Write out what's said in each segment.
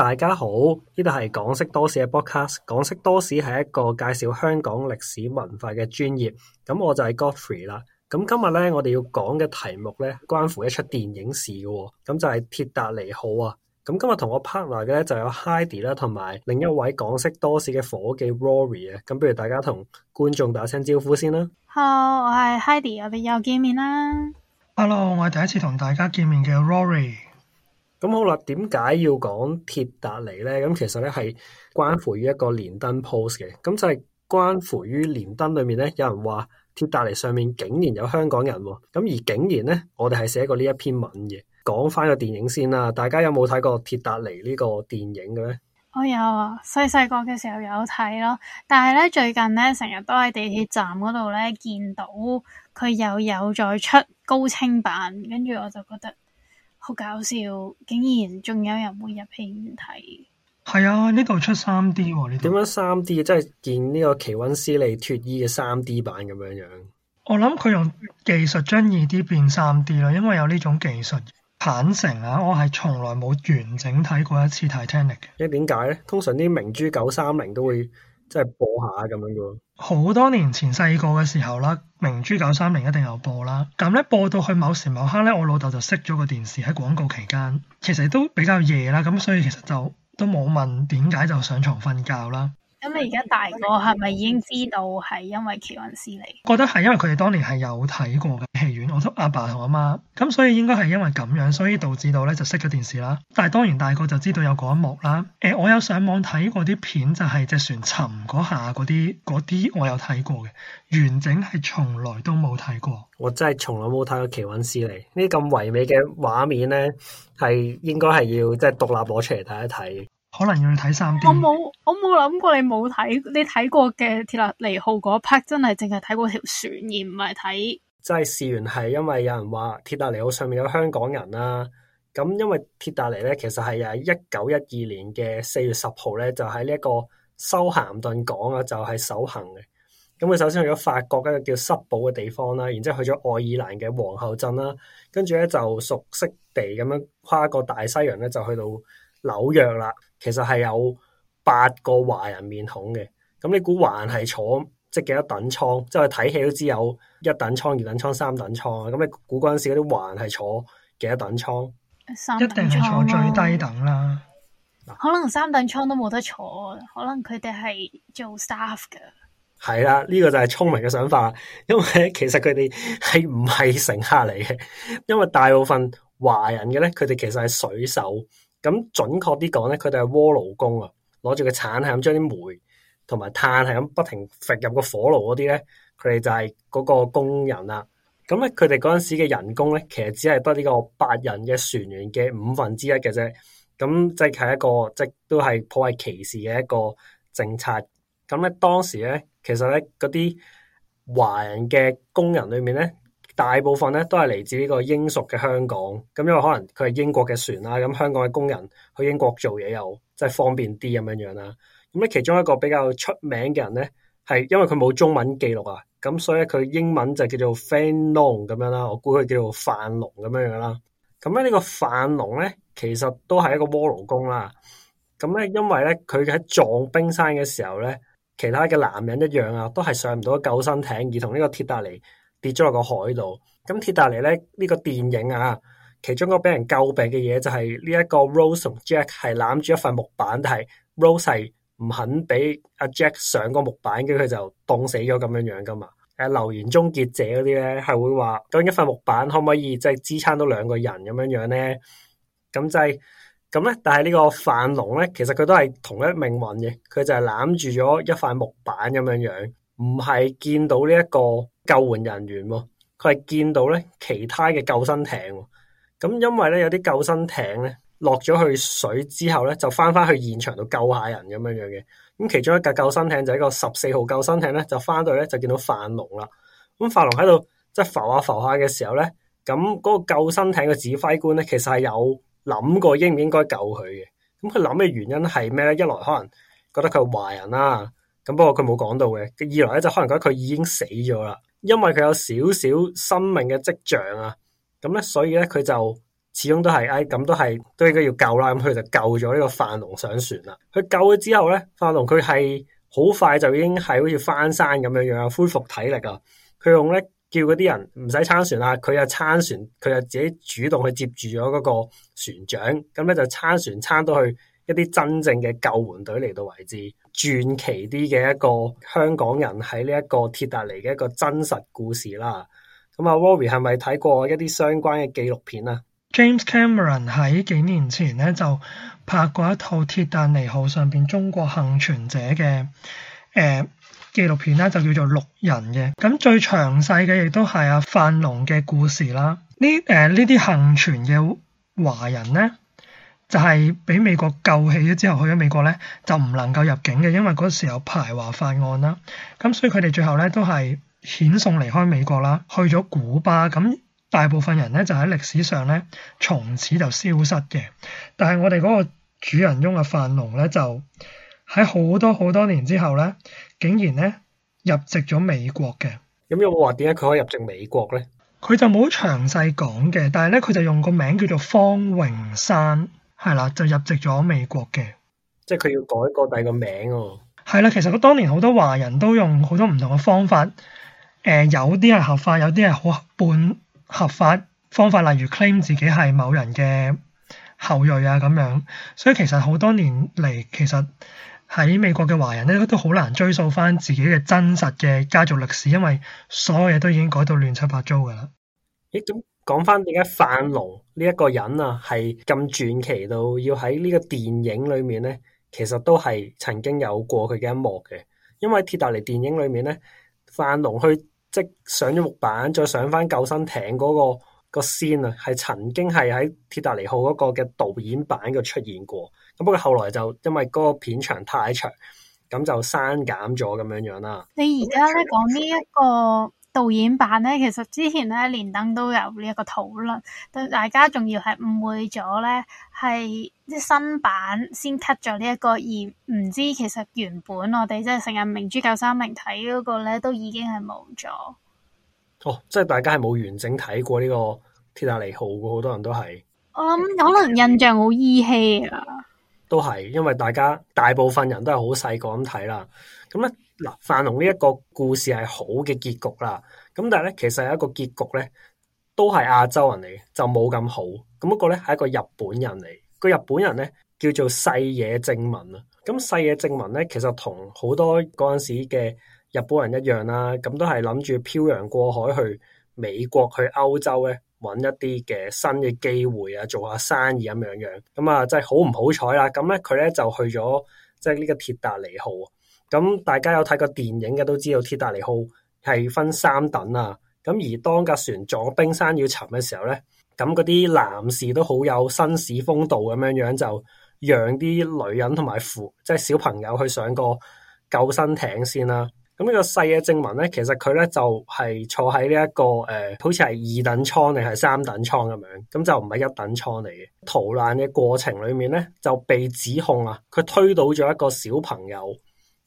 大家好，呢度係港識多史嘅 Podcast。港識多史係一個介紹香港歷史文化嘅專業，咁我就係 Godfrey 啦。咁今日咧，我哋要講嘅題目咧，關乎一出電影事嘅，咁就係《鐵達尼號》啊。咁今日同我 partner 嘅咧就有 Haidee 啦，同埋另一位港識多史嘅伙計 Rory 啊。咁，不如大家同觀眾打聲招呼先啦。Hello，我係 Haidee，我哋又見面啦。Hello，我係第一次同大家見面嘅 Rory。咁好啦，點解要講鐵達尼咧？咁其實咧係關乎於一個連登 post 嘅，咁就係關乎於連登裏面咧，有人話鐵達尼上面竟然有香港人喎，咁而竟然咧，我哋係寫過呢一篇文嘅。講翻個電影先啦，大家有冇睇過鐵達尼呢個電影嘅咧？我有啊，細細個嘅時候有睇咯，但係咧最近咧成日都喺地鐵站嗰度咧見到佢又有再出高清版，跟住我就覺得。好搞笑，竟然仲有人會入戲院睇。係啊，呢度出 3D 喎，哦。點樣 3D 嘅？即係見呢個奇温斯利脱衣嘅 3D 版咁樣樣。我諗佢用技術將 2D 變 3D 咯，因為有呢種技術。坦誠啊，我係從來冇完整睇過一次 Titanic。即係點解咧？通常啲明珠九三零都會。即係播下咁樣嘅。好多年前細個嘅時候啦，明珠九三零一定有播啦。咁咧播到去某時某刻咧，我老豆就熄咗個電視，喺廣告期間，其實都比較夜啦。咁所以其實就都冇問點解就上床瞓覺啦。咁你而家大個係咪已經知道係因為奇《奇雲斯》嚟？覺得係因為佢哋當年係有睇過嘅戲院，我阿爸同阿媽，咁所以應該係因為咁樣，所以導致到咧就熄咗電視啦。但係當然大個就知道有嗰一幕啦。誒、呃，我有上網睇過啲片，就係隻船沉嗰下嗰啲嗰啲，我有睇過嘅完整係從來都冇睇過。我真係從來冇睇過奇《奇雲斯》嚟，呢啲咁唯美嘅畫面咧，係應該係要即係、就是、獨立攞出嚟睇一睇。可能要你睇三遍我冇，我冇諗過你冇睇，你睇過嘅鐵達尼號嗰 part 真係淨係睇過條船而唔係睇。就係事源係因為有人話鐵達尼號上面有香港人啦、啊。咁因為鐵達尼咧，其實係啊一九一二年嘅四月十號咧，就喺呢一個修咸頓港啊，就係首行嘅。咁佢首先去咗法國一個叫塞堡嘅地方啦，然之後去咗愛爾蘭嘅皇后鎮啦，跟住咧就熟悉地咁樣跨過大西洋咧，就去到紐約啦。其實係有八個華人面孔嘅，咁你估還係坐即係幾多等倉？即係睇戲都知有一等倉、二等倉、等等三等倉。咁你估嗰陣時嗰啲還係坐幾多等倉？三等艙啦。一定係坐最低等啦。啊、可能三等倉都冇得坐，可能佢哋係做 staff 嘅。係啦，呢、這個就係聰明嘅想法，因為其實佢哋係唔係乘客嚟嘅，因為大部分華人嘅咧，佢哋其實係水手。咁準確啲講咧，佢哋係鍋爐工啊，攞住個鏟係咁將啲煤同埋碳係咁不停揈入個火爐嗰啲咧，佢哋就係嗰個工人啦。咁咧，佢哋嗰陣時嘅人工咧，其實只係得呢個白人嘅船員嘅五分之一嘅啫。咁即係一個即都係頗為歧視嘅一個政策。咁咧，當時咧，其實咧嗰啲華人嘅工人裏面咧。大部分咧都係嚟自呢個英屬嘅香港，咁因為可能佢係英國嘅船啦，咁香港嘅工人去英國做嘢又即係方便啲咁樣樣啦。咁咧，其中一個比較出名嘅人咧，係因為佢冇中文記錄啊，咁所以佢英文就叫做 Fan Long 咁樣啦。我估佢叫做范龍咁樣樣啦。咁咧呢個范龍咧，其實都係一個鍋爐工啦。咁咧因為咧佢喺撞冰山嘅時候咧，其他嘅男人一樣啊，都係上唔到救生艇，而同呢個鐵達尼。跌咗落個海度。咁《鐵達尼》咧呢個電影啊，其中個俾人詬病嘅嘢就係呢一個，個 Rose 同 Jack 係攬住一塊木板，但係 Rose 係唔肯俾阿 Jack 上個木板，跟住佢就凍死咗咁樣樣噶嘛。誒、啊，流言終結者嗰啲咧係會話咁一塊木板可唔可以即係支撐到兩個人咁樣樣咧？咁就係咁咧。但係呢個范龍咧，其實佢都係同一命運嘅，佢就係攬住咗一塊木板咁樣樣，唔係見到呢、這、一個。救援人員，佢係見到咧其他嘅救生艇，咁因為咧有啲救生艇咧落咗去水之後咧就翻翻去現場度救下人咁樣樣嘅。咁其中一架救生艇就係一個十四號救生艇咧，就翻到咧就見到范龍啦。咁范龍喺度即係浮下浮下嘅時候咧，咁、那、嗰個救生艇嘅指揮官咧其實係有諗過應唔應該救佢嘅。咁佢諗嘅原因係咩咧？一來可能覺得佢係壞人啦。咁不過佢冇講到嘅，二來咧就可能覺得佢已經死咗啦，因為佢有少少生命嘅跡象啊，咁咧所以咧佢就始終都係哎咁都係都應該要救啦，咁佢就救咗呢個范龍上船啦。佢救咗之後咧，范龍佢係好快就已經係好似翻山咁樣樣，有恢復體力啊。佢用咧叫嗰啲人唔使撐船啦，佢又撐船，佢又自己主動去接住咗嗰個船槳，咁咧就撐船撐到去一啲真正嘅救援隊嚟到為止，傳奇啲嘅一個香港人喺呢一個鐵達尼嘅一個真實故事啦。咁、嗯、啊，Rory 係咪睇過一啲相關嘅紀錄片啊？James Cameron 喺幾年前咧就拍過一套鐵達尼號上邊中國幸存者嘅誒、呃、紀錄片啦，就叫做《六人》嘅。咁最詳細嘅亦都係阿范龍嘅故事啦。呢誒呢啲幸存嘅華人咧。就係俾美國救起咗之後，去咗美國咧，就唔能夠入境嘅，因為嗰時候排華法案啦。咁所以佢哋最後咧都係遣送離開美國啦，去咗古巴。咁大部分人咧就喺歷史上咧，從此就消失嘅。但係我哋嗰個主人翁嘅范龍咧，就喺好多好多年之後咧，竟然咧入籍咗美國嘅。咁有冇話點解佢可以入籍美國咧？佢就冇詳細講嘅，但係咧佢就用個名叫做方榮山。係啦，就入籍咗美國嘅，即係佢要改個第個名哦、啊。係啦，其實佢當年好多華人都用好多唔同嘅方法，誒、呃、有啲係合法，有啲係好半合法方法，例如 claim 自己係某人嘅後裔啊咁樣。所以其實好多年嚟，其實喺美國嘅華人咧都好難追溯返自己嘅真實嘅家族歷史，因為所有嘢都已經改到亂七八糟㗎啦。咦，咁講翻點解范龍呢一個人啊，係咁傳奇到要喺呢個電影裏面咧，其實都係曾經有過佢嘅一幕嘅。因為鐵達尼電影裏面咧，范龍去即上咗木板，再上翻救生艇嗰、嗰個、嗰個先啊，係曾經係喺鐵達尼號嗰個嘅導演版嘅出現過。咁不過後來就因為嗰個片長太長，咁就刪減咗咁樣樣啦。你而家咧講呢一、呢個？導演版咧，其實之前咧連登都有呢一個討論，但大家仲要係誤會咗咧，係啲新版先 cut 咗呢一個，而唔知其實原本我哋即係成日明珠九三零睇嗰個咧都已經係冇咗。哦，即係大家係冇完整睇過呢、這個鐵達尼號，好多人都係。我諗可能印象好依稀啊。都係，因為大家大部分人都係好細個咁睇啦，咁咧。嗱，飯龍呢一個故事係好嘅結局啦。咁但係咧，其實係一個結局咧，都係亞洲人嚟嘅，就冇咁好。咁不過咧，係一個日本人嚟。個日本人咧叫做細野正文啊。咁細野正文咧，其實同好多嗰陣時嘅日本人一樣啦，啊。咁都係諗住漂洋過海去美國，去歐洲咧，揾一啲嘅新嘅機會啊，做下生意咁樣，樣樣。咁啊，真係好唔好彩啦！咁咧，佢咧就去咗即係呢個鐵達尼號。咁大家有睇過電影嘅都知道，鐵達尼號係分三等啊。咁而當架船撞冰山要沉嘅時候咧，咁嗰啲男士都好有紳士風度咁樣樣，就讓啲女人同埋父即係、就是、小朋友去上個救生艇先啦。咁、那個、呢個細嘅正文咧，其實佢咧就係、是、坐喺呢一個誒、呃，好似係二等艙定係三等艙咁樣，咁就唔係一等艙嚟嘅。逃難嘅過程裏面咧，就被指控啊，佢推倒咗一個小朋友。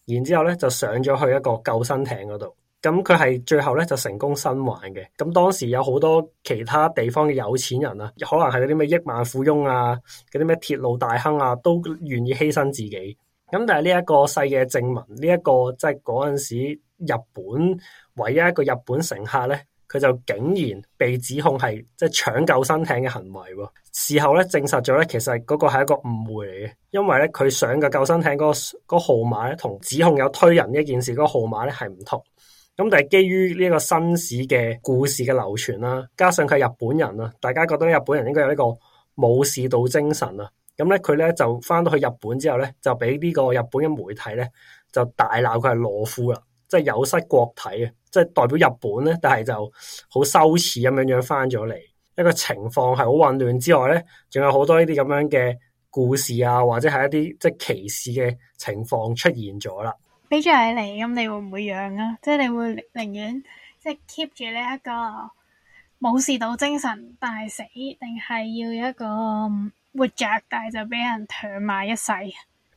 然之後咧就上咗去一個救生艇嗰度，咁佢係最後咧就成功生還嘅。咁、嗯、當時有好多其他地方嘅有錢人啊，可能係啲咩億萬富翁啊，嗰啲咩鐵路大亨啊，都願意犧牲自己。咁、嗯、但係呢一個細嘅平民，呢、這、一個即係嗰陣時日本唯一一個日本乘客咧。佢就竟然被指控係即係搶救生艇嘅行為喎，事後咧證實咗咧，其實嗰個係一個誤會嚟嘅，因為咧佢上嘅救生艇嗰個嗰號碼咧，同指控有推人呢一件事嗰個號碼咧係唔同，咁但係基於呢一個紳士嘅故事嘅流傳啦，加上佢係日本人啊，大家覺得日本人應該有呢個武士道精神啊，咁咧佢咧就返到去日本之後咧，就俾呢個日本嘅媒體咧就大鬧佢係懦夫啦，即係有失國體啊！即係代表日本咧，但係就好羞恥咁樣樣翻咗嚟，一個情況係好混亂之外咧，仲有好多呢啲咁樣嘅故事啊，或者係一啲即係歧視嘅情況出現咗啦。俾住係你嚟咁，你會唔會養啊？即係你會寧願即係 keep 住呢一個武士道精神，但係死，定係要一個活着，但係就俾人搶埋一世？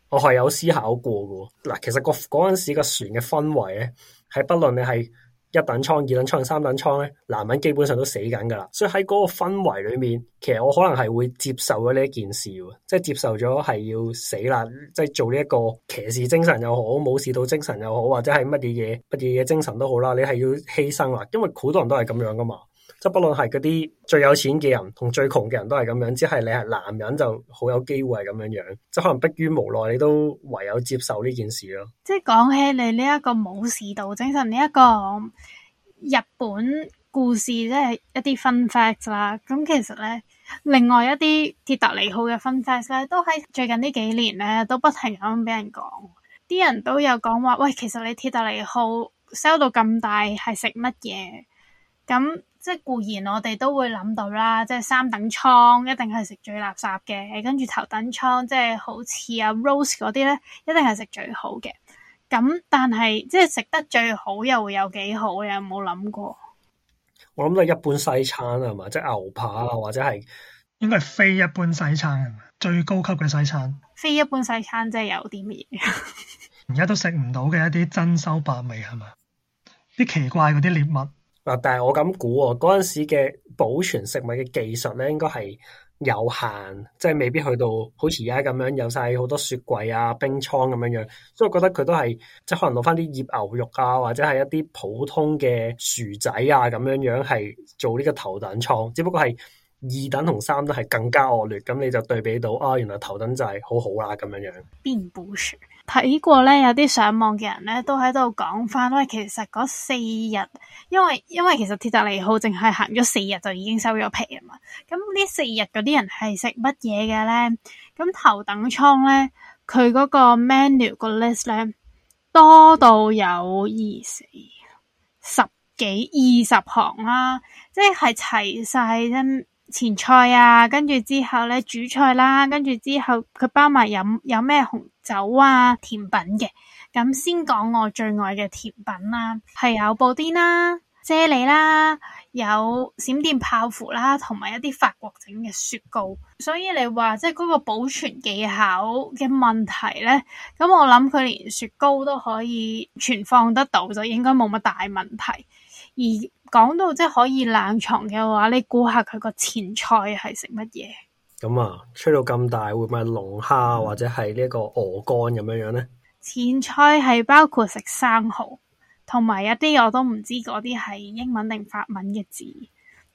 我係有思考過噶嗱。其實個嗰陣時個船嘅氛圍咧，係不論你係。一等倉、二等倉、三等倉咧，男人基本上都死緊㗎啦，所以喺嗰個氛圍裏面，其實我可能係會接受咗呢一件事，即係接受咗係要死啦，即係做呢、這、一個騎士精神又好，武士道精神又好，或者係乜嘢嘢、乜嘢嘢精神都好啦，你係要犧牲啦，因為好多人都係咁樣噶嘛。即不論係嗰啲最有錢嘅人，同最窮嘅人都係咁樣。只係你係男人就好有機會咁樣樣，即可能迫於無奈，你都唯有接受呢件事咯。即講起你呢一個武士道精神，呢一個日本故事，即一啲分 facts 啦。咁其實咧，另外一啲鐵達尼號嘅分 facts 咧，都喺最近呢幾年咧，都不停咁俾人講。啲人都有講話，喂，其實你鐵達尼號 sell 到咁大係食乜嘢咁？即係固然我哋都會諗到啦，即係三等倉一定係食最垃圾嘅，跟住頭等倉即係好似啊 Rose 嗰啲咧，一定係食最好嘅。咁但係即係食得最好又會有幾好？有冇諗過？我諗都係一般西餐係嘛，即係牛扒或者係應該係非一般西餐，最高級嘅西餐。非一般西餐即係有啲咩？而 家都食唔到嘅一啲珍饈百味係嘛？啲奇怪嗰啲獵物。啊！但係我咁估喎，嗰陣時嘅保存食物嘅技術咧，應該係有限，即係未必去到好似而家咁樣有晒好多雪櫃啊、冰倉咁樣樣。所以我覺得佢都係即係可能攞翻啲醃牛肉啊，或者係一啲普通嘅薯仔啊咁樣樣係做呢個頭等艙。只不過係二等同三都係更加惡劣。咁你就對比到啊，原來頭等就係好好啦咁樣樣，並不是。睇過咧，有啲上網嘅人咧，都喺度講翻喂，其實嗰四日，因為因為其實鐵達尼號淨係行咗四日就已經收咗皮啊嘛。咁呢四日嗰啲人係食乜嘢嘅咧？咁頭等艙咧，佢嗰個 menu 個 list 咧多到有二十，十幾二十行啦，即係齊晒。啫。前菜啊，跟住之後咧主菜啦，啊，跟住之後佢包埋飲有咩紅酒啊，甜品嘅。咁先講我最愛嘅甜品啦，係有布丁啦，啫喱啦，有閃電泡芙啦，同埋一啲法國整嘅雪糕。所以你話即係嗰個保存技巧嘅問題呢。咁我諗佢連雪糕都可以存放得到，就應該冇乜大問題。而講到即係可以冷藏嘅話，你估下佢個前菜係食乜嘢？咁啊，吹到咁大，會唔會係龍蝦或者係呢一個鵝肝咁樣樣呢？前菜係包括食生蚝，同埋一啲我都唔知嗰啲係英文定法文嘅字，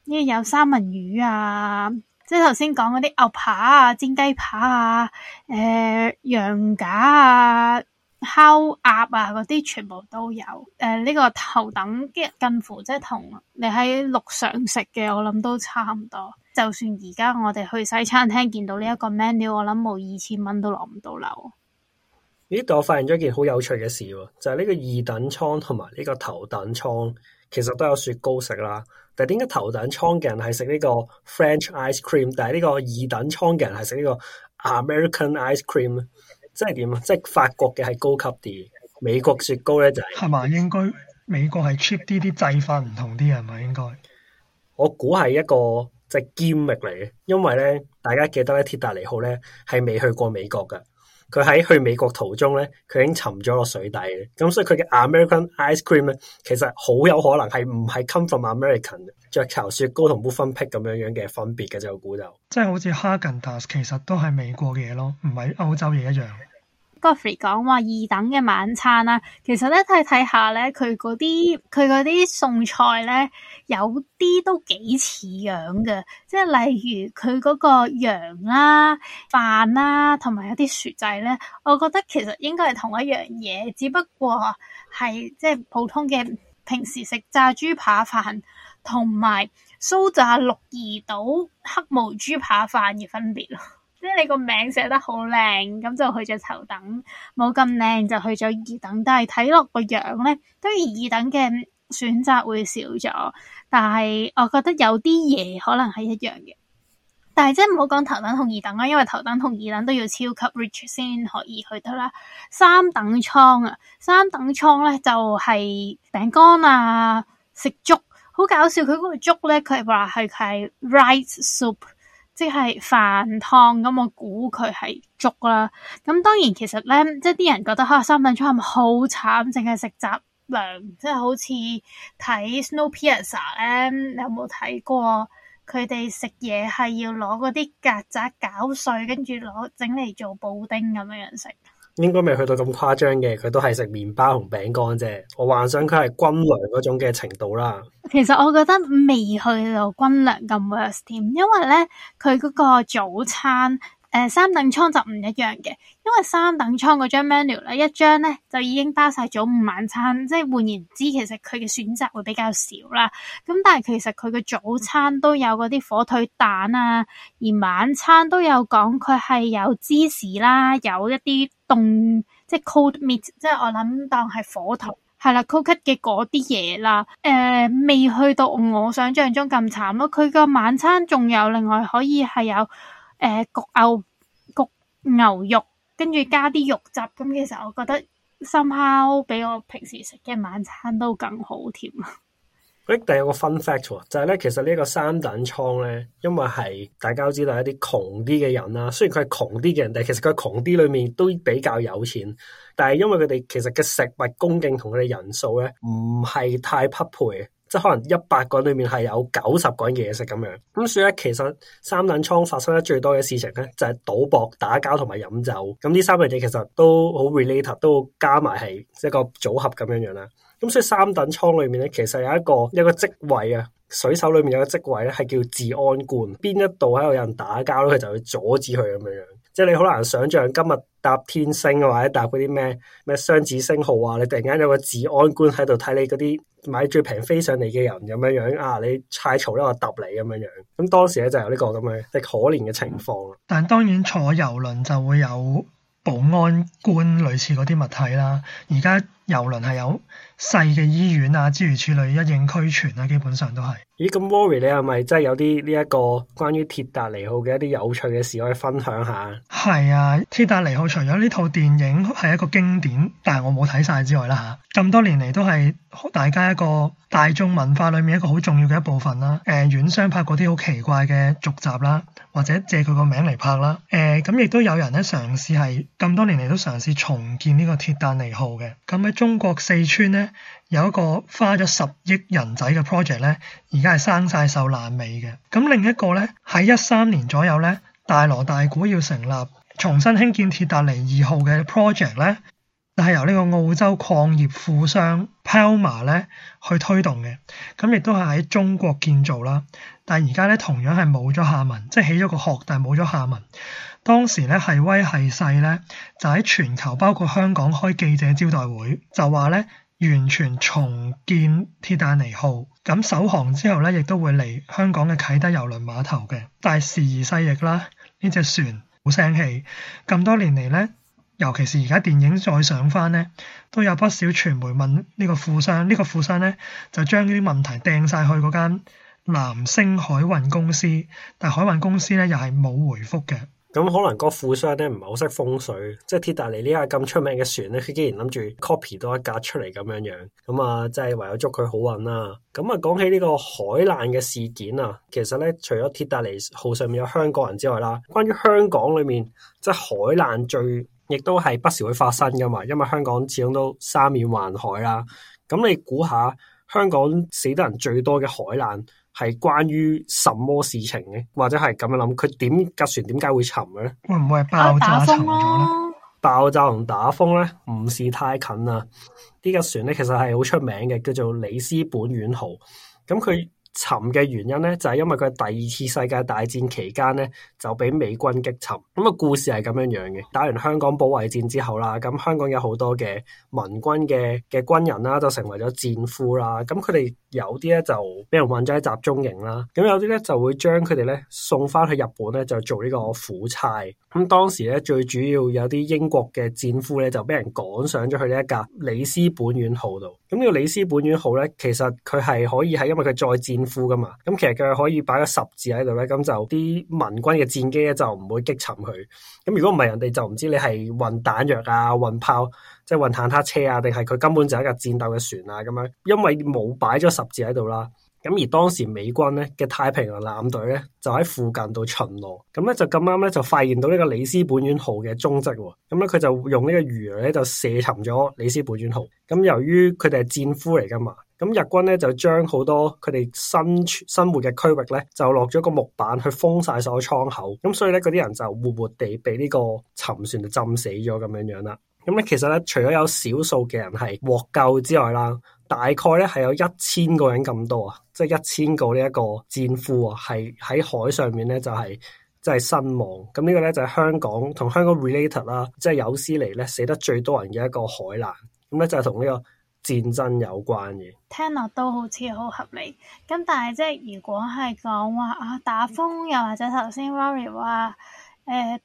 因為有三文魚啊，即係頭先講嗰啲牛扒啊、煎雞扒啊、誒、呃、羊架啊。烤鴨啊，嗰啲全部都有。誒、呃，呢、這個頭等嘅近乎即係同你喺陸上食嘅，我諗都差唔多。就算而家我哋去西餐廳見到呢一個 menu，我諗冇二千蚊都落唔到樓。呢度我發現咗一件好有趣嘅事，就係、是、呢個二等艙同埋呢個頭等艙其實都有雪糕食啦。但係點解頭等艙嘅人係食呢個 French ice cream，但係呢個二等艙嘅人係食呢個 American ice cream 咧？即係點啊？即係法國嘅係高級啲，美國雪糕咧就係、係、嘛？應該美國係 cheap 啲，啲製法唔同啲，係咪應該？我估係一個即係 gimmick 嚟嘅，因為咧大家記得咧鐵達尼號咧係未去過美國噶，佢喺去美國途中咧佢已經沉咗落水底嘅，咁所以佢嘅 American ice cream 咧其實好有可能係唔係 come from American 嘅，雀巢雪糕同 Mövenpick 咁樣樣嘅分別嘅就估就，即係好似 Häagen-Dazs 其實都係美國嘅嘢咯，唔係歐洲嘢一樣。Godfrey 講話二等嘅晚餐啦，其實咧睇睇下咧，佢嗰啲佢啲餸菜咧，有啲都幾似樣嘅，即係例如佢嗰個羊啦、啊、飯啦、啊，同埋有啲薯仔咧，我覺得其實應該係同一樣嘢，只不過係即係普通嘅平時食炸豬扒飯，同埋酥炸鹿兒島黑毛豬扒飯嘅分別咯。即係你個名寫得好靚，咁就去咗頭等；冇咁靚就去咗二等。但係睇落個樣咧，都二等嘅選擇會少咗。但係我覺得有啲嘢，可能係一樣嘅。但係即係唔好講頭等同二等啦，因為頭等同二等都要超級 rich 先可以去得啦。三等倉啊，三等倉咧就係餅乾啊，食粥好搞笑。佢嗰個粥咧，佢話係係 rice soup。即係飯湯咁，我估佢係粥啦。咁當然其實咧，即係啲人覺得哈、啊、三等餐係咪好慘，淨係食雜糧，即係好似睇 Snowpiercer 咧，你有冇睇過？佢哋食嘢係要攞嗰啲曱甴攪碎，跟住攞整嚟做布丁咁樣樣食。應該未去到咁誇張嘅，佢都係食麵包同餅乾啫。我幻想佢係軍糧嗰種嘅程度啦。其實我覺得未去到軍糧咁 worse，因為咧佢嗰個早餐，誒、呃，三等艙就唔一樣嘅，因為三等艙嗰張 menu 咧，一張咧就已經包晒早午晚餐，即係換言之，其實佢嘅選擇會比較少啦。咁但係其實佢嘅早餐都有嗰啲火腿蛋啊，而晚餐都有講佢係有芝士啦，有一啲凍即係 cold meat，即係我諗當係火腿係啦，cooked 嘅嗰啲嘢啦。誒、呃，未去到我想象中咁慘咯。佢個晚餐仲有另外可以係有。.誒、焗牛焗牛肉，跟住加啲肉汁，咁其實我覺得生烤比我平時食嘅晚餐都更好甜啦。嗰第二個分 u 就係咧，其實呢一個三等倉咧，因為係大家都知道一啲窮啲嘅人啦，雖然佢係窮啲嘅人，但係其實佢係窮啲裏面都比較有錢，但係因為佢哋其實嘅食物供應同佢哋人數咧，唔係太匹配。即係可能一百個人裏面係有九十個人嘅嘢食咁樣，咁所以咧其實三等艙發生得最多嘅事情咧，就係賭博、打交同埋飲酒。咁呢三樣嘢其實都好 related，都加埋係一個組合咁樣樣啦。咁所以三等艙裏面咧，其實有一個有一個職位啊，水手裏面有個職位咧係叫治安官。邊一度喺度有人打交咧，佢就會阻止佢咁樣樣。即係你好難想象今日。搭天星或者搭嗰啲咩咩雙子星號啊，你突然間有個治安官喺度睇你嗰啲買最平飛上嚟嘅人咁樣樣啊，你太嘈啦，我揼你咁樣樣，咁當時咧就有呢個咁嘅，即係可憐嘅情況。但係當然坐遊輪就會有保安官類似嗰啲物體啦，而家遊輪係有細嘅醫院啊，諸如此類一應俱全啊，基本上都係。咦，咁 Rory 你係咪真係有啲呢一個關於鐵達尼號嘅一啲有趣嘅事可以分享下？係啊，鐵達尼號除咗呢套電影係一個經典，但係我冇睇晒之外啦吓，咁、啊、多年嚟都係大家一個大眾文化裏面一個好重要嘅一部分啦。誒、啊，遠相拍嗰啲好奇怪嘅續集啦、啊，或者借佢個名嚟拍啦。誒、啊，咁亦都有人咧嘗試係咁多年嚟都嘗試重建呢個鐵達尼號嘅。咁、啊、喺、嗯、中國四川咧。有一個花咗十億人仔嘅 project 咧，而家係生晒銹爛尾嘅。咁另一個咧喺一三年左右咧，大鑼大鼓要成立重新興建鐵達尼二號嘅 project 咧，就係由呢個澳洲礦業富商 Palmer 咧去推動嘅。咁亦都係喺中國建造啦。但係而家咧同樣係冇咗下文，即係起咗個殼，但係冇咗下文。當時咧係威係勢咧，就喺全球包括香港開記者招待會，就話咧，完全重建鐵達尼號，咁首航之後咧，亦都會嚟香港嘅啟德郵輪碼頭嘅。但係時移世易啦，呢隻船好聲氣咁多年嚟咧，尤其是而家電影再上翻咧，都有不少傳媒問個、這個、呢個富商。呢個富商咧就將呢啲問題掟晒去嗰間藍星海運公司，但海運公司咧又係冇回覆嘅。咁可能個富商咧唔係好識風水，即係鐵達尼呢架咁出名嘅船咧，佢竟然諗住 copy 多一架出嚟咁樣樣，咁啊，即係唯有祝佢好運啦。咁啊，講起呢個海難嘅事件啊，其實咧，除咗鐵達尼號上面有香港人之外啦，關於香港裏面即係海難最，亦都係不時會發生噶嘛，因為香港始終都三面環海啦。咁你估下香港死得人最多嘅海難？係關於什麼事情呢？或者係咁樣諗，佢點架船點解會沉嘅咧？會唔會係爆炸沉咗咧？爆炸同打風咧，唔是太近啊！呢架船咧其實係好出名嘅，叫做里斯本丸號。咁佢沉嘅原因咧，就係因為佢第二次世界大戰期間咧，就俾美軍擊沉。咁啊，故事係咁樣樣嘅。打完香港保衛戰之後啦，咁香港有好多嘅民軍嘅嘅軍人啦，就成為咗戰俘啦。咁佢哋。有啲咧就俾人困咗喺集中營啦，咁有啲咧就會將佢哋咧送翻去日本咧就做呢個苦差。咁當時咧最主要有啲英國嘅戰俘咧就俾人趕上咗去呢一架里斯本院號度。咁、這、呢個里斯本丸號咧其實佢係可以係因為佢載戰俘噶嘛，咁其實佢可以擺個十字喺度咧，咁就啲盟軍嘅戰機咧就唔會擊沉佢。咁如果唔係人哋就唔知你係運彈藥啊、運炮。即係運坦克車啊，定係佢根本就係一架戰鬥嘅船啊，咁樣，因為冇擺咗十字喺度啦。咁而當時美軍咧嘅太平洋艦隊咧就喺附近度巡邏，咁咧就咁啱咧就發現到呢個里斯本丸號嘅蹤跡，咁咧佢就用呢個魚雷咧就射沉咗里斯本丸號。咁由於佢哋係戰俘嚟噶嘛，咁日軍咧就將好多佢哋生存生活嘅區域咧就落咗個木板去封晒所有窗口，咁所以咧嗰啲人就活活地被呢個沉船就浸死咗咁樣樣啦。咁咧，其實咧，除咗有少數嘅人係獲救之外啦，大概咧係有一千個人咁多、就是、1, 個個啊，即係一千個呢一個戰俘啊，係喺海上面咧就係即係身亡。咁呢個咧就係、是、香港同香港 related 啦，即係有史嚟咧死得最多人嘅一個海難。咁咧就係同呢個戰爭有關嘅。聽落都好似好合理。咁但係即係如果係講話啊打風，又或者頭先 Rory 話。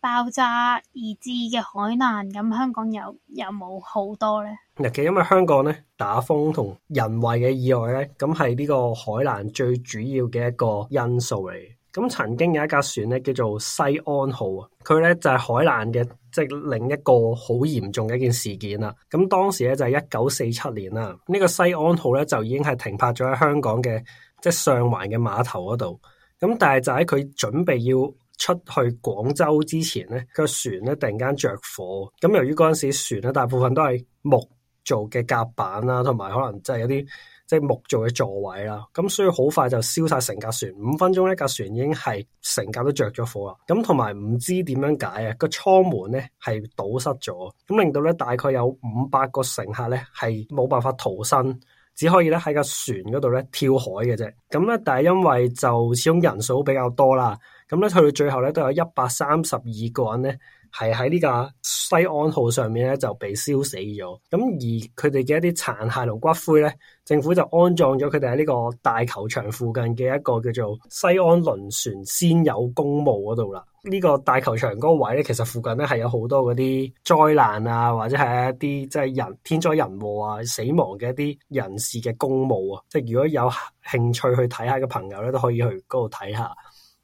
爆炸而至嘅海難，咁香港有有冇好多呢？尤其因為香港咧打風同人為嘅意外咧，咁係呢個海難最主要嘅一個因素嚟。咁曾經有一架船咧叫做西安號啊，佢咧就係、是、海難嘅即係另一個好嚴重嘅一件事件啦。咁當時咧就係一九四七年啦，呢、這個西安號咧就已經係停泊咗喺香港嘅即係上環嘅碼頭嗰度。咁但係就喺佢準備要，出去廣州之前咧，個船咧突然間着火，咁由於嗰陣時船咧大部分都係木做嘅甲板啦，啊，同埋可能即係有啲即係木做嘅座位啦，咁所以好快就燒晒成架船。五分鐘，咧架船已經係成架都着咗火啦。咁同埋唔知點樣解啊？個艙門咧係堵塞咗，咁令到咧大概有五百個乘客咧係冇辦法逃生，只可以咧喺架船嗰度咧跳海嘅啫。咁咧，但係因為就始終人數比較多啦。咁咧，去到最後咧，都有一百三十二個人咧，係喺呢個西安號上面咧就被燒死咗。咁而佢哋嘅一啲殘骸同骨灰咧，政府就安葬咗佢哋喺呢個大球場附近嘅一個叫做西安輪船先友公墓嗰度啦。呢個大球場嗰位咧，其實附近咧係有好多嗰啲災難啊，或者係一啲即係人天災人禍啊死亡嘅一啲人士嘅公墓啊。即係如果有興趣去睇下嘅朋友咧，都可以去嗰度睇下。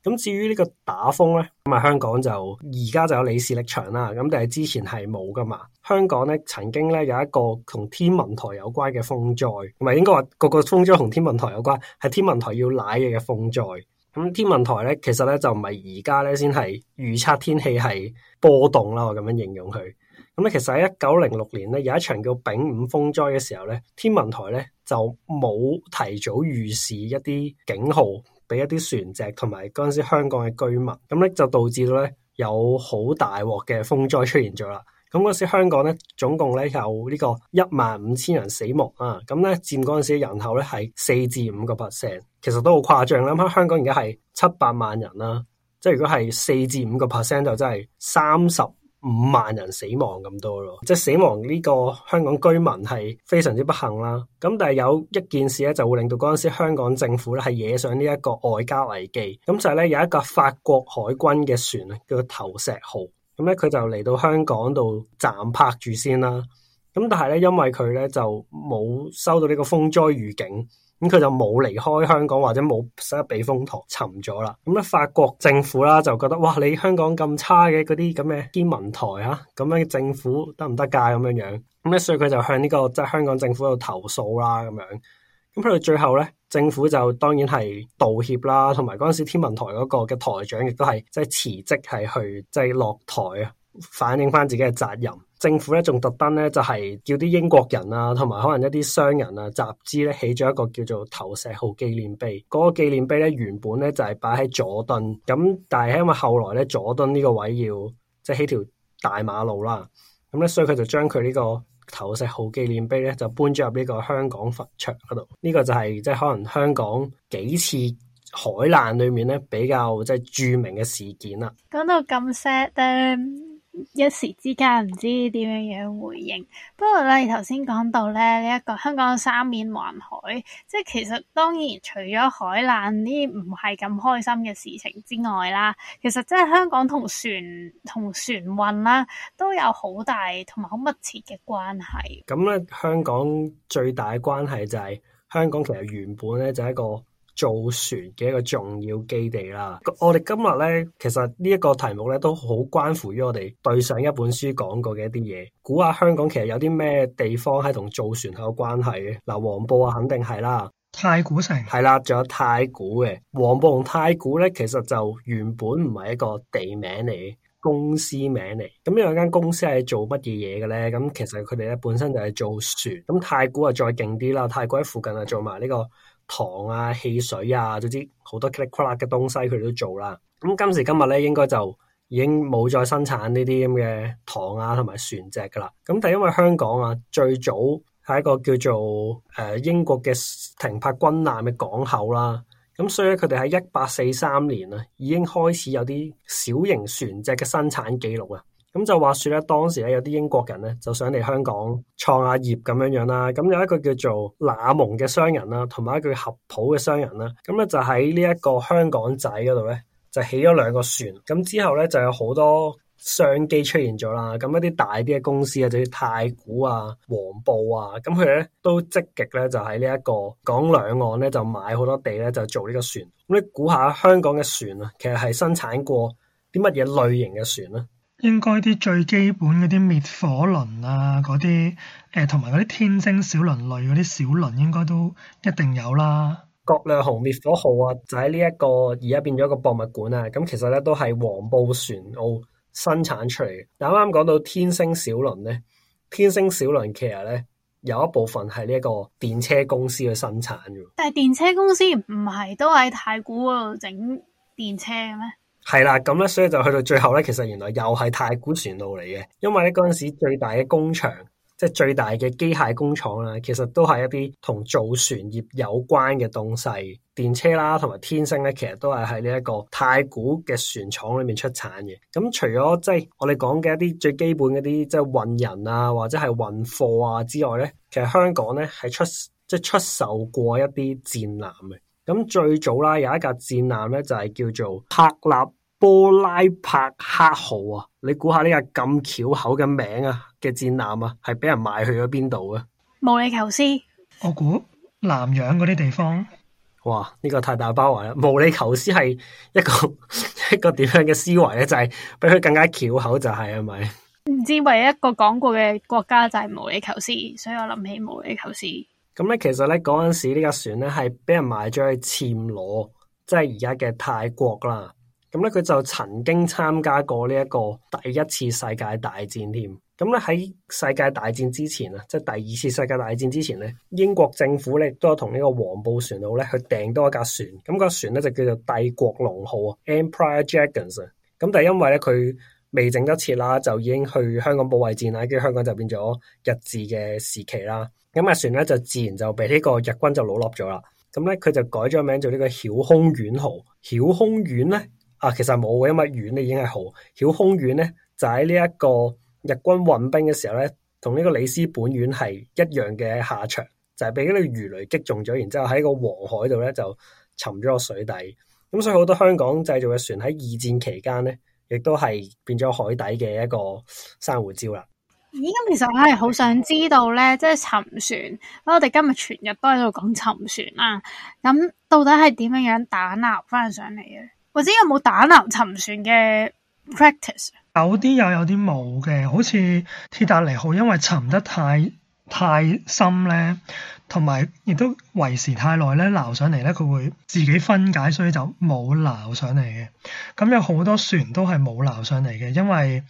咁至於呢個打風呢，咁喺香港就而家就有李氏力場啦。咁但係之前係冇噶嘛。香港咧曾經咧有一個同天文台有關嘅風災，唔係應該話個個風災同天文台有關，係天文台要賴嘅風災。咁、嗯、天文台呢，其實呢就唔係而家呢先係預測天氣係波動啦。我咁樣形容佢。咁、嗯、咧其實喺一九零六年呢，有一場叫丙午風災嘅時候呢，天文台呢就冇提早預示一啲警號，俾一啲船隻同埋嗰陣時香港嘅居民，咁咧就導致到咧有好大鑊嘅風災出現咗啦。咁嗰時香港咧總共咧有呢個一萬五千人死亡啊，咁咧佔嗰陣時人口咧係四至五個 percent，其實都好誇張。諗下香港而家係七百萬人啦，即係如果係四至五個 percent 就真係三十五萬人死亡咁多咯，即係死亡呢個香港居民係非常之不幸啦。咁但係有一件事咧，就會令到嗰陣時香港政府咧係惹上呢一個外交危機。咁就係咧有一架法國海軍嘅船啊，叫做投石號，咁咧佢就嚟到香港度暫泊住先啦。咁但係咧，因為佢咧就冇收到呢個風災預警。咁佢就冇離開香港或者冇使得避風塘，沉咗啦。咁咧，法國政府啦就覺得哇，你香港咁差嘅嗰啲咁嘅天文台行行啊，咁咧政府得唔得界咁樣樣？咁咧，所以佢就向呢、這個即係、就是、香港政府度投訴啦咁樣。咁去到最後咧，政府就當然係道歉啦，同埋嗰陣時天文台嗰個嘅台長亦都係即係辭職，係去即係落台啊，反映返自己嘅責任。政府咧仲特登咧就係叫啲英國人啊，同埋可能一啲商人啊集資咧起咗一個叫做投石號紀念碑。嗰、那個紀念碑咧原本咧就係擺喺佐敦，咁但係因為後來咧佐敦呢個位要即係起條大馬路啦，咁咧所以佢就將佢呢個投石號紀念碑咧就搬咗入呢個香港墳場嗰度。呢、這個就係即係可能香港幾次海難裏面咧比較即係著名嘅事件啦。講到咁 sad 咧。一時之間唔知點樣樣回應。不過咧，頭先講到咧呢一個香港三面環海，即係其實當然除咗海難呢啲唔係咁開心嘅事情之外啦，其實即係香港同船同船運啦都有好大同埋好密切嘅關係。咁咧，香港最大嘅關係就係香港其實原本咧就係一個。做船嘅一個重要基地啦。我哋今日咧，其實呢一個題目咧都好關乎於我哋對上一本書講過嘅一啲嘢。估下香港其實有啲咩地方係同做船係有關係嘅？嗱，黃埔啊，埔肯定係啦。太古城係啦，仲、啊、有太古嘅黃埔同太古咧，其實就原本唔係一個地名嚟，公司名嚟。咁有間公司係做乜嘢嘢嘅咧？咁其實佢哋咧本身就係做船。咁太古啊，再勁啲啦，太古喺附近啊，做埋呢、這個。糖啊、汽水啊，總之好多嘰里呱啦嘅東西，佢哋都做啦。咁今時今日咧，應該就已經冇再生產呢啲咁嘅糖啊，同埋船隻噶啦。咁但係因為香港啊，最早係一個叫做誒、呃、英國嘅停泊軍艦嘅港口啦，咁所以佢哋喺一八四三年啊，已經開始有啲小型船隻嘅生產記錄啊。咁就話說咧，當時咧有啲英國人咧就想嚟香港創下業，咁樣樣啦。咁有一個叫做拿蒙嘅商人啦，同埋一個叫合浦嘅商人啦。咁咧就喺呢一個香港仔嗰度咧就起咗兩個船。咁之後咧就有好多商機出現咗啦。咁一啲大啲嘅公司啊，就似太古啊、黃埔啊，咁佢哋咧都積極咧就喺呢一個港兩岸咧就買好多地咧就做呢個船。咁你估下香港嘅船啊，其實係生產過啲乜嘢類型嘅船咧？應該啲最基本嗰啲滅火輪啊，嗰啲誒同埋嗰啲天星小輪類嗰啲小輪應該都一定有啦。葛量洪滅火號啊，就喺呢、這個、一個而家變咗個博物館啊，咁其實咧都係黃埔船澳生產出嚟。啱啱講到天星小輪咧，天星小輪其實咧有一部分係呢一個電車公司去生產。但係電車公司唔係都喺太古嗰度整電車嘅咩？係啦，咁咧，所以就去到最後咧，其實原來又係太古船塢嚟嘅，因為咧嗰陣時最大嘅工場，即係最大嘅機械工廠啦，其實都係一啲同造船業有關嘅東西，電車啦，同埋天星咧，其實都係喺呢一個太古嘅船廠裏面出產嘅。咁除咗即係我哋講嘅一啲最基本嗰啲，即係運人啊，或者係運貨啊之外咧，其實香港咧係出即係、就是、出售過一啲戰艦嘅。咁最早啦，有一架戰艦咧，就係、是、叫做帕納波拉帕克號啊！你估下呢個咁巧口嘅名啊嘅戰艦啊，係俾、啊、人賣去咗邊度啊？毛里求斯，我估南洋嗰啲地方。哇！呢、這個太大包圍啦！毛里求斯係一個 一個點樣嘅思維咧，就係、是、比佢更加巧口就係係咪？唔知唯一一個講過嘅國家就係毛里求斯，所以我諗起毛里求斯。咁咧，其實咧嗰陣時，呢架船咧係俾人賣咗去暹羅，即係而家嘅泰國啦。咁咧，佢就曾經參加過呢一個第一次世界大戰添。咁咧喺世界大戰之前啊，即係第二次世界大戰之前咧，英國政府咧亦都有同呢個黃埔船塢咧去訂多一架船。咁架船咧就叫做帝國龍號啊，Empire Dragon 啊。咁但係因為咧佢。未整得切啦，就已經去香港保衛戰啦，跟住香港就變咗日治嘅時期啦。咁阿船咧就自然就被呢個日軍就攞笠咗啦。咁咧佢就改咗名做呢個曉空丸號。曉空丸咧啊，其實冇嘅，因為丸咧已經係號。曉空丸咧就喺呢一個日軍運兵嘅時候咧，同呢個里斯本丸係一樣嘅下場，就係俾呢個魚雷擊中咗，然之後喺個黃海度咧就沉咗落水底。咁所以好多香港製造嘅船喺二戰期間咧。亦都係變咗海底嘅一個珊瑚礁啦。咦，咁其實我係好想知道咧，即係沉船，我哋今日全日都喺度講沉船啦。咁到底係點樣樣打撈翻上嚟嘅？或者有冇打撈沉船嘅 practice？有啲又有啲冇嘅，好似鐵達尼號，因為沉得太。太深咧，同埋亦都維持太耐咧，撈上嚟咧佢會自己分解，所以就冇撈上嚟嘅。咁有好多船都係冇撈上嚟嘅，因為誒、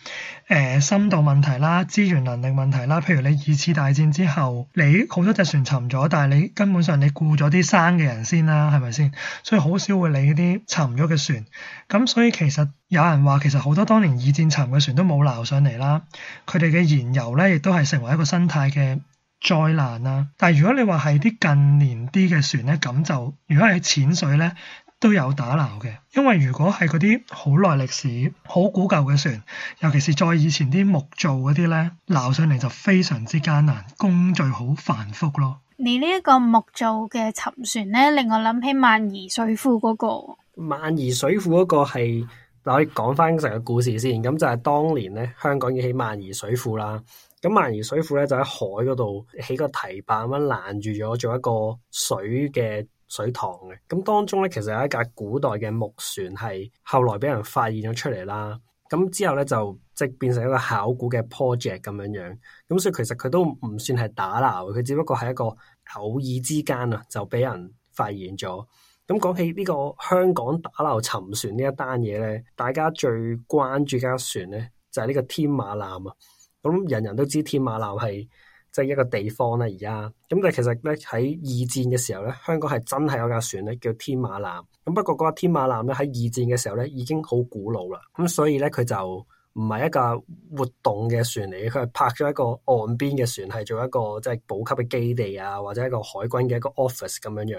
呃、深度問題啦、資源能力問題啦。譬如你二次大戰之後，你好多隻船沉咗，但係你根本上你顧咗啲生嘅人先啦，係咪先？所以好少會理啲沉咗嘅船。咁所以其實有人話，其實好多當年二戰沉嘅船都冇撈上嚟啦。佢哋嘅燃油咧，亦都係成為一個生態嘅。再難啦、啊！但係如果你話係啲近年啲嘅船呢，咁就如果係淺水呢，都有打撈嘅。因為如果係嗰啲好耐歷史、好古舊嘅船，尤其是再以前啲木造嗰啲呢，撈上嚟就非常之艱難，工序好繁複咯。你呢一個木造嘅沉船呢，令我諗起萬宜水庫嗰個。萬宜水庫嗰個係，嗱，我哋講翻成個故事先。咁就係當年呢，香港要起萬宜水庫啦。咁萬宜水庫咧就喺海嗰度起個堤壩咁樣攔住咗，做一個水嘅水塘嘅。咁當中咧，其實有一架古代嘅木船係後來俾人發現咗出嚟啦。咁之後咧就即變成一個考古嘅 project 咁樣樣。咁所以其實佢都唔算係打撈，佢只不過係一個偶爾之間啊，就俾人發現咗。咁講起呢個香港打撈沉船一呢一單嘢咧，大家最關注架船咧就係、是、呢個天馬艦啊。咁人人都知天馬艦係即係一個地方啦。而家咁，但係其實咧喺二戰嘅時候咧，香港係真係有架船咧叫天馬艦。咁不過嗰架天馬艦咧喺二戰嘅時候咧已經好古老啦。咁所以咧佢就唔係一架活動嘅船嚟嘅，佢係泊咗一個岸邊嘅船，係做一個即係補給嘅基地啊，或者一個海軍嘅一個 office 咁樣樣。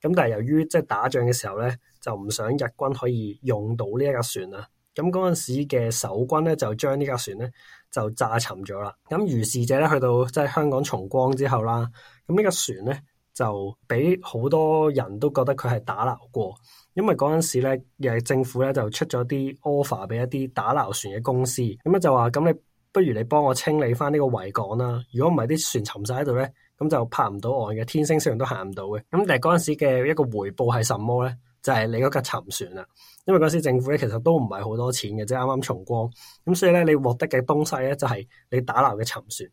咁但係由於即係打仗嘅時候咧，就唔想日軍可以用到呢一架船啦。咁嗰陣時嘅守軍咧就將呢架船咧。就炸沉咗啦。咁如是者咧去到即係香港重光之後啦，咁呢個船咧就俾好多人都覺得佢係打撈過，因為嗰陣時咧又係政府咧就出咗啲 offer 俾一啲打撈船嘅公司，咁咧就話咁你不如你幫我清理返呢個維港啦。如果唔係啲船沉晒喺度咧，咁就泊唔到岸嘅，天星船都行唔到嘅。咁但係嗰陣時嘅一個回報係什麼咧？就係、是、你嗰架沉船啊！因為嗰時政府咧其實都唔係好多錢嘅，即係啱啱重光，咁所以咧你獲得嘅東西咧就係你打撈嘅沉船。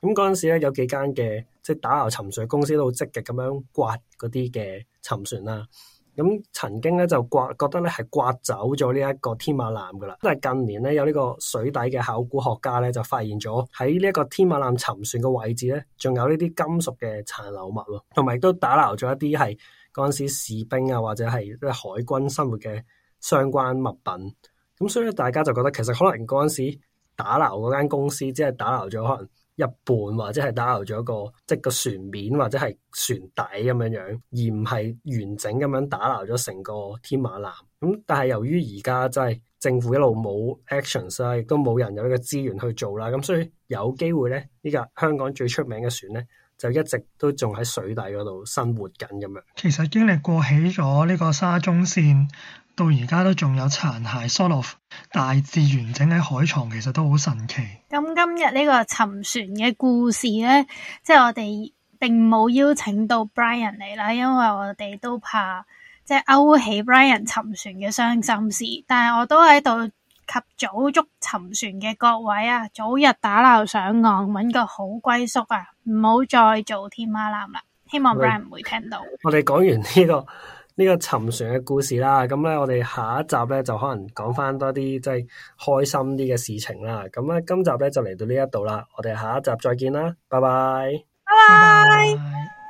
咁嗰陣時咧有幾間嘅即係打撈沉船公司都好積極咁樣刮嗰啲嘅沉船啦。咁曾經咧就刮覺得咧係刮走咗呢一個天馬艦噶啦。都係近年咧有呢個水底嘅考古學家咧就發現咗喺呢一個天馬艦沉船嘅位置咧，仲有呢啲金屬嘅殘留物咯，同埋亦都打撈咗一啲係嗰陣時士兵啊或者係啲海軍生活嘅。相關物品，咁所以大家就覺得其實可能嗰陣時打撈嗰間公司，只係打撈咗可能一半，或者係打撈咗個即係、就是、個船面，或者係船底咁樣樣，而唔係完整咁樣打撈咗成個添馬艦。咁但係由於而家真係政府一路冇 action，亦都冇人有呢個資源去做啦。咁所以有機會咧，呢架香港最出名嘅船咧，就一直都仲喺水底嗰度生活緊咁樣。其實經歷過起咗呢個沙中線。到而家都仲有殘骸，sort of 大致完整喺海床，其實都好神奇。咁今日呢個沉船嘅故事呢，即係我哋並冇邀請到 Brian 嚟啦，因為我哋都怕即係勾起 Brian 沉船嘅傷心事。但係我都喺度及早祝沉船嘅各位啊，早日打撈上岸，揾個好歸宿啊！唔好再做天馬艦啦。希望 Brian 唔會聽到。我哋講完呢、呢個。呢個沉船嘅故事啦，咁咧我哋下一集咧就可能講翻多啲即係開心啲嘅事情啦。咁咧今集咧就嚟到呢一度啦，我哋下一集再見啦，拜拜，拜拜。